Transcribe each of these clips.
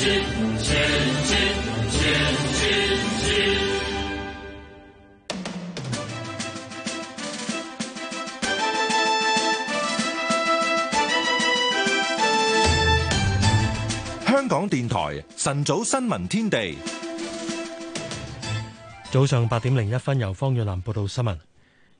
香港電台晨早新聞天地，早上八點零一分，由方若蘭報道新聞。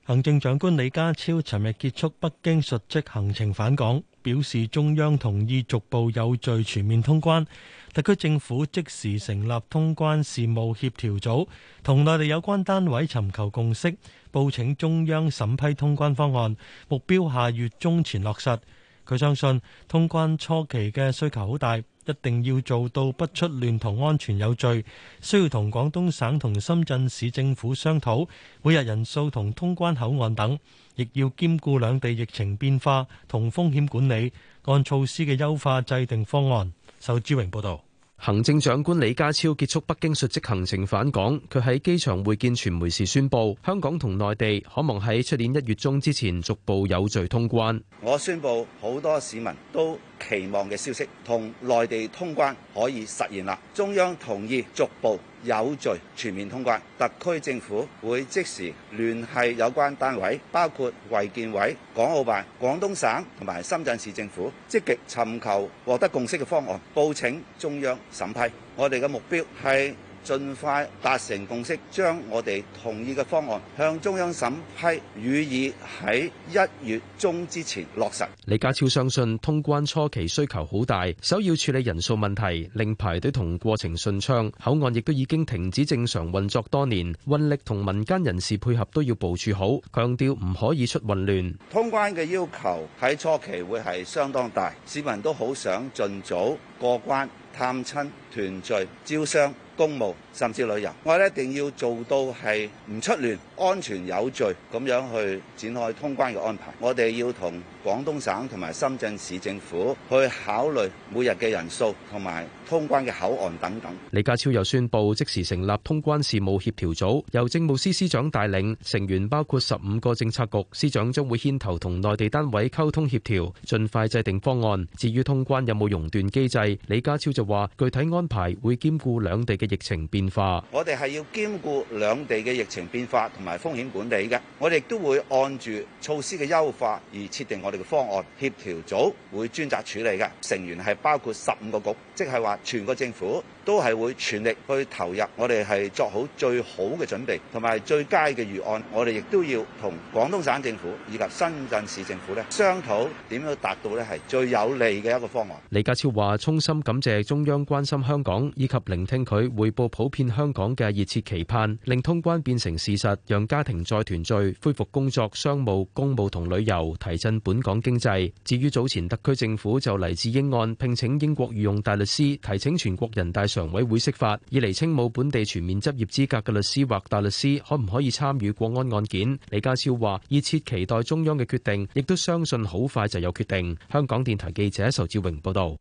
行政長官李家超尋日結束北京述職行程返港，表示中央同意逐步有序全面通關，特區政府即時成立通關事務協調組，同內地有關單位尋求共識，報請中央審批通關方案，目標下月中前落實。佢相信通關初期嘅需求好大。一定要做到不出亂同安全有序，需要同廣東省同深圳市政府商討每日人數同通關口岸等，亦要兼顧兩地疫情變化同風險管理，按措施嘅優化制定方案。仇志榮報導。行政長官李家超結束北京述職行程返港，佢喺機場會見傳媒時宣布，香港同內地可望喺出年一月中之前逐步有序通關。我宣布，好多市民都。期望嘅消息同內地通關可以實現啦！中央同意逐步有序全面通關，特區政府會即時聯繫有關單位，包括衛健委、港澳辦、廣東省同埋深圳市政府，積極尋求獲得共識嘅方案，報請中央審批。我哋嘅目標係。盡快達成共識，將我哋同意嘅方案向中央審批，予以喺一月中之前落實。李家超相信通關初期需求好大，首要處理人數問題，令排隊同過程順暢。口岸亦都已經停止正常運作多年，運力同民間人士配合都要部署好，強調唔可以出混亂。通關嘅要求喺初期會係相當大，市民都好想盡早過關探親團聚招商。公務甚至旅遊，我哋一定要做到係唔出亂，安全有序，咁樣去展開通關嘅安排。我哋要同廣東省同埋深圳市政府去考慮每日嘅人數同埋。通關嘅口岸等等，李家超又宣布即時成立通關事務協調組，由政務司司長帶領，成員包括十五個政策局司長將會牽頭同內地單位溝通協調，盡快制定方案。至於通關有冇熔斷機制，李家超就話具體安排會兼顧兩地嘅疫情變化。我哋係要兼顧兩地嘅疫情變化同埋風險管理嘅，我哋亦都會按住措施嘅優化而設定我哋嘅方案。協調組會專責處理嘅，成員係包括十五個局，即係話。全個政府都係會全力去投入，我哋係作好最好嘅準備，同埋最佳嘅預案。我哋亦都要同廣東省政府以及深圳市政府咧，商討點樣達到咧係最有利嘅一個方案。李家超話：衷心感謝中央關心香港，以及聆聽佢匯報普遍香港嘅熱切期盼，令通關變成事實，讓家庭再團聚，恢復工作、商務、公務同旅遊，提振本港經濟。至於早前特區政府就黎智英案聘請英國御用大律師。提請全國人大常委會釋法，以釐清冇本地全面執業資格嘅律師或大律師，可唔可以參與國安案件？李家超話，熱切期待中央嘅決定，亦都相信好快就有決定。香港電台記者仇志榮報道。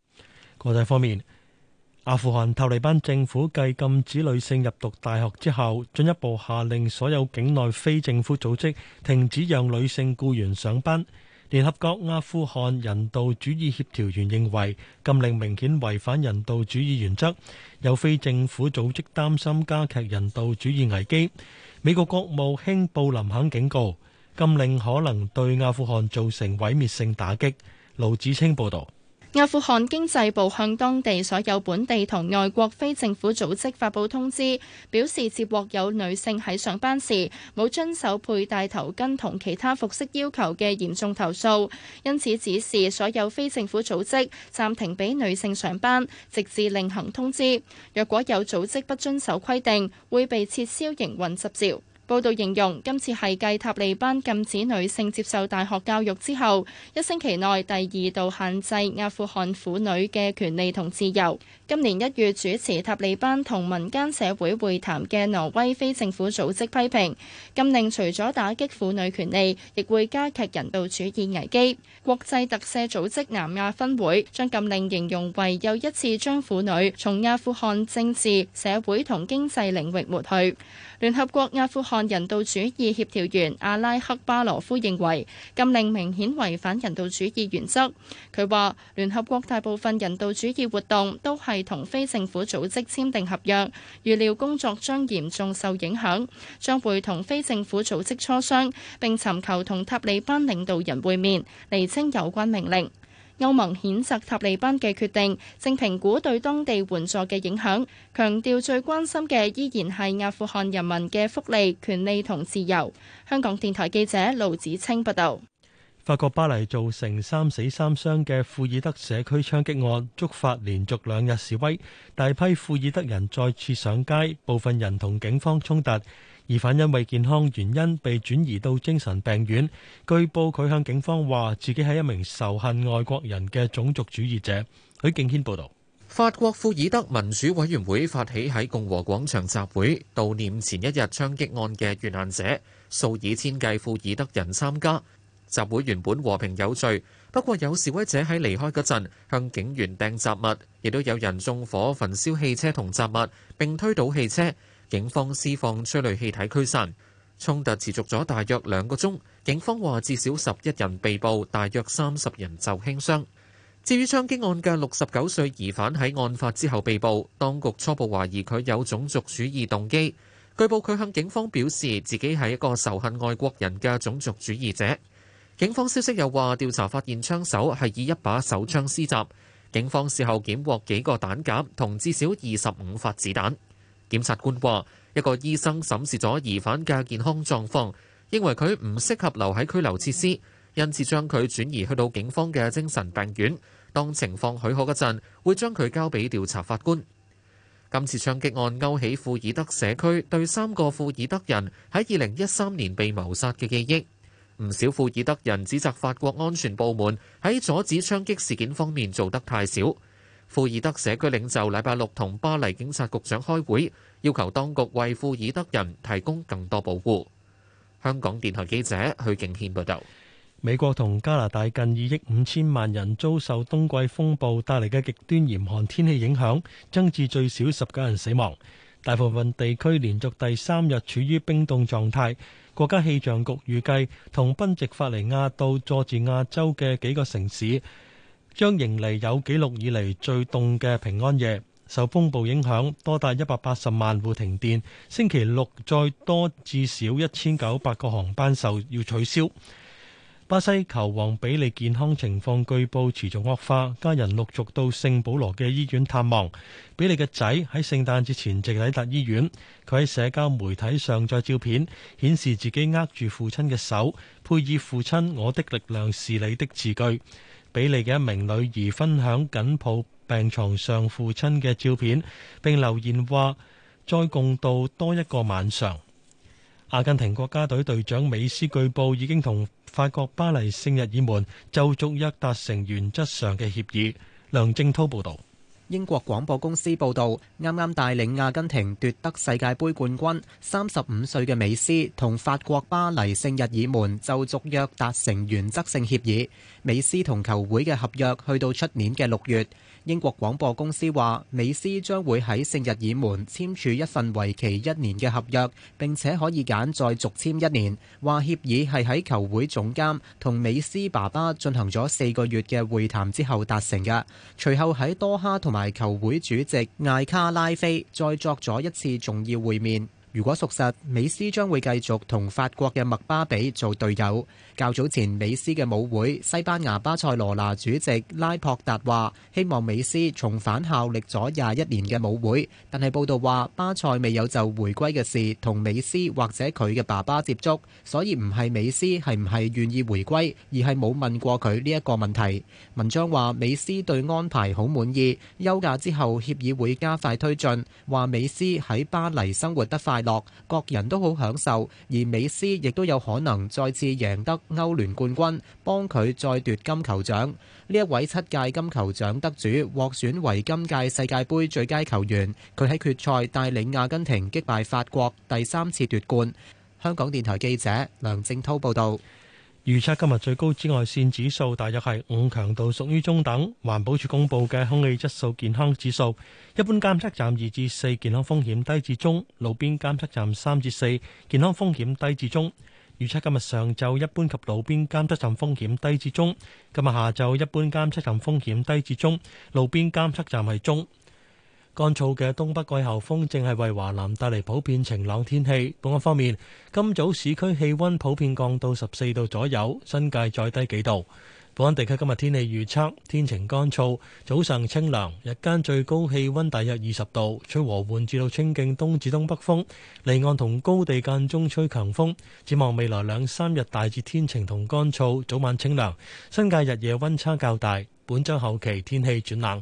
國際方面，阿富汗塔利班政府繼禁止女性入讀大學之後，進一步下令所有境內非政府組織停止讓女性僱員上班。聯合國阿富汗人道主義協調員，認為禁令明顯違反人道主義原則，有非政府組織擔心加劇人道主義危機。美國國務卿布林肯警告，禁令可能對阿富汗造成毀滅性打擊。盧子清報導。阿富汗經濟部向當地所有本地同外國非政府組織發布通知，表示接獲有女性喺上班時冇遵守佩戴頭巾同其他服飾要求嘅嚴重投訴，因此指示所有非政府組織暫停畀女性上班，直至另行通知。若果有組織不遵守規定，會被撤銷營運執照。報道形容今次係繼塔利班禁止女性接受大學教育之後，一星期內第二度限制阿富汗婦女嘅權利同自由。今年一月主持塔利班同民間社會會談嘅挪威非政府組織批評，禁令除咗打擊婦女權利，亦會加劇人道主義危機。國際特赦組織南亞分會將禁令形容為又一次將婦女從阿富汗政治、社會同經濟領域抹去。聯合國阿富汗人道主義協調員阿拉克巴羅夫認為禁令明顯違反人道主義原則。佢話，聯合國大部分人道主義活動都係同非政府組織簽訂合約，預料工作將嚴重受影響，將會同非政府組織磋商，並尋求同塔利班領導人會面，釐清有關命令。歐盟譴責塔利班嘅決定，正評估對當地援助嘅影響，強調最關心嘅依然係阿富汗人民嘅福利、權利同自由。香港電台記者盧子清報道。法國巴黎造成三死三傷嘅庫爾德社區槍擊案，觸發連續兩日示威，大批庫爾德人再次上街，部分人同警方衝突。疑犯因為健康原因被轉移到精神病院，據報佢向警方話自己係一名仇恨外國人嘅種族主義者。許敬軒報導，法國庫爾德民主委員會發起喺共和廣場集會悼念前一日槍擊案嘅遇難者，數以千計庫爾德人參加集會，原本和平有序，不過有示威者喺離開嗰陣向警員掟雜物，亦都有人縱火焚燒汽車同雜物，並推倒汽車。警方施放催淚氣體驅散衝突，持續咗大約兩個鐘。警方話至少十一人被捕，大約三十人就輕傷。至於槍擊案嘅六十九歲疑犯喺案發之後被捕，當局初步懷疑佢有種族主義動機。據報佢向警方表示自己係一個仇恨外國人嘅種族主義者。警方消息又話調查發現槍手係以一把手槍施襲，警方事後檢獲幾個彈夾同至少二十五發子彈。檢察官話：一個醫生審視咗疑犯嘅健康狀況，認為佢唔適合留喺拘留設施，因此將佢轉移去到警方嘅精神病院。當情況許可嗰陣，會將佢交俾調查法官。今次槍擊案勾起庫爾德社區對三個庫爾德人喺二零一三年被謀殺嘅記憶。唔少庫爾德人指責法國安全部門喺阻止槍擊事件方面做得太少。庫爾德社區領袖禮拜六同巴黎警察局長開會，要求當局為庫爾德人提供更多保護。香港電台記者許敬軒報道。美國同加拿大近二億五千萬人遭受冬季風暴帶嚟嘅極端嚴寒天氣影響，增至最少十九人死亡。大部分地區連續第三日處於冰凍狀態。國家氣象局預計，同賓夕法尼亞到佐治亞州嘅幾個城市。將迎嚟有紀錄以嚟最凍嘅平安夜，受風暴影響，多達一百八十萬戶停電。星期六再多至少一千九百個航班受要取消。巴西球王比利健康情況據報持續惡化，家人陸續到聖保羅嘅醫院探望。比利嘅仔喺聖誕節前夕抵達醫院，佢喺社交媒體上載照片，顯示自己握住父親嘅手，配以父親我的力量是你的字句。比利嘅一名女兒分享緊抱病床上父親嘅照片，並留言話再共度多一個晚上。阿根廷國家隊隊長美斯據報已經同法國巴黎聖日爾門就續約達成原則上嘅協議，梁正濤報道。英國廣播公司報道，啱啱帶領阿根廷奪得世界盃冠軍，三十五歲嘅美斯同法國巴黎聖日耳門就續約達成原則性協議。美斯同球會嘅合約去到出年嘅六月。英國廣播公司話，美斯將會喺聖日耳門簽署一份為期一年嘅合約，並且可以揀再續簽一年。話協議係喺球會總監同美斯爸爸進行咗四個月嘅會談之後達成嘅。隨後喺多哈同埋。排球會主席艾卡拉菲再作咗一次重要會面。如果屬實，美斯將會繼續同法國嘅麥巴比做隊友。較早前，美斯嘅母會西班牙巴塞羅那主席拉柏達話，希望美斯重返效力咗廿一年嘅母會。但係報道話，巴塞未有就回歸嘅事同美斯或者佢嘅爸爸接觸，所以唔係美斯係唔係願意回歸，而係冇問過佢呢一個問題。文章話，美斯對安排好滿意，休假之後協議會加快推進。話美斯喺巴黎生活得快，快各人都好享受，而美斯亦都有可能再次贏得歐聯冠軍，幫佢再奪金球獎。呢一位七屆金球獎得主獲選為今屆世界杯最佳球員，佢喺決賽帶領阿根廷擊敗法國，第三次奪冠。香港電台記者梁正濤報道。預測今日最高紫外線指數大約係五強度，屬於中等。環保署公布嘅空氣質素健康指數，一般監測站二至四，健康風險低至中；路邊監測站三至四，健康風險低至中。預測今日上晝一般及路邊監測站風險低至中，今日下晝一般監測站風險低至中，路邊監測站係中。乾燥嘅東北季候風正係為華南帶嚟普遍晴朗天氣。本港方面，今早市區氣温普遍降到十四度左右，新界再低幾度。本港地區今日天氣預測天晴乾燥，早上清涼，日間最高氣温大約二十度，吹和緩至到清勁東至東北風。離岸同高地間中吹強風。展望未來兩三日大致天晴同乾燥，早晚清涼，新界日夜温差較大。本週後期天氣轉冷。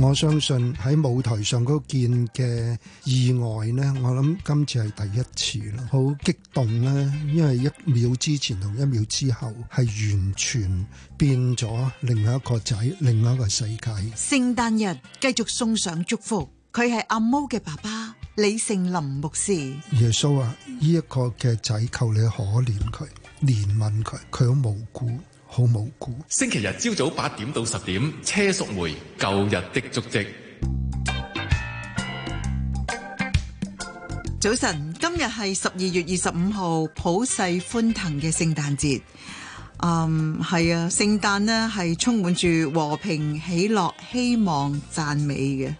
我相信喺舞台上嗰件嘅意外咧，我諗今次係第一次啦，好激動咧，因為一秒之前同一秒之後係完全變咗另外一個仔，另外一個世界。聖誕日繼續送上祝福，佢係阿毛嘅爸爸李盛林牧師。耶穌啊，呢一個嘅仔求你可憐佢，憐憫佢，佢好無辜。好無辜。星期日朝早八點到十點，車淑梅《舊日的足跡》。早晨，今日係十二月二十五號，普世歡騰嘅聖誕節。嗯，係啊，聖誕呢係充滿住和平、喜樂、希望、讚美嘅。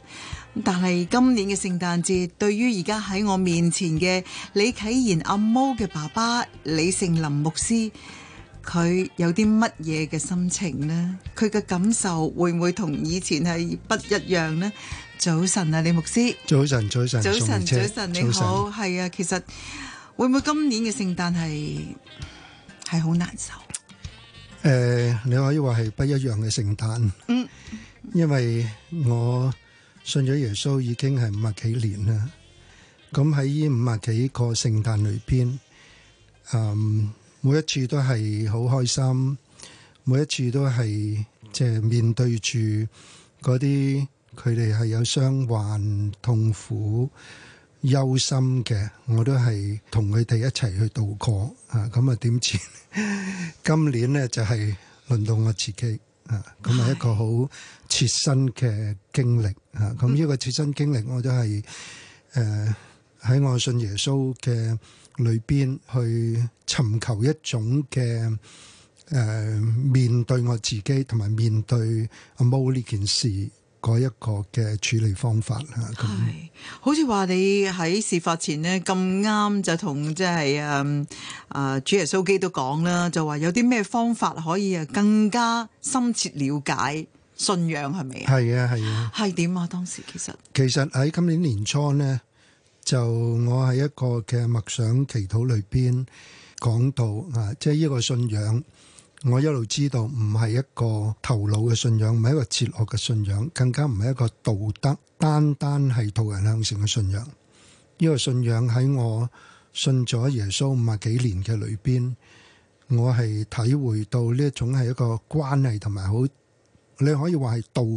但係今年嘅聖誕節，對於而家喺我面前嘅李啟賢阿毛嘅爸爸李盛林牧師，佢有啲乜嘢嘅心情呢？佢嘅感受會唔會同以前係不一樣呢？早晨啊，李牧師。早晨，早晨。早晨，早晨，你好。係啊，其實會唔會今年嘅聖誕係係好難受？誒，你可以話係不一樣嘅聖誕。嗯，因為我信咗耶穌已經係五啊幾年啦。咁喺呢五啊幾個聖誕裏邊，嗯。每一次都係好開心，每一次都係即係面對住嗰啲佢哋係有傷患、痛苦、憂心嘅，我都係同佢哋一齊去渡過啊！咁啊點知 今年呢，就係輪到我自己啊，咁啊係一個好切身嘅經歷啊！咁呢個切身經歷我都係誒。呃喺我信耶穌嘅裏邊，去尋求一種嘅誒、呃，面對我自己同埋面對阿毛呢件事嗰一個嘅處理方法啊。係，好似話你喺事發前呢咁啱就同即係啊啊主耶穌基督講啦，就話有啲咩方法可以啊更加深切了解信仰係咪啊？係啊係啊。係點啊？當時其實其實喺今年年初呢。就我喺一個嘅默想祈禱裏邊講到啊，即係呢個信仰，我一路知道唔係一個頭腦嘅信仰，唔係一個哲學嘅信仰，更加唔係一個道德，單單係導人向善嘅信仰。呢個信仰喺我信咗耶穌五啊幾年嘅裏邊，我係體會到呢一種係一個關係同埋好，你可以話係道。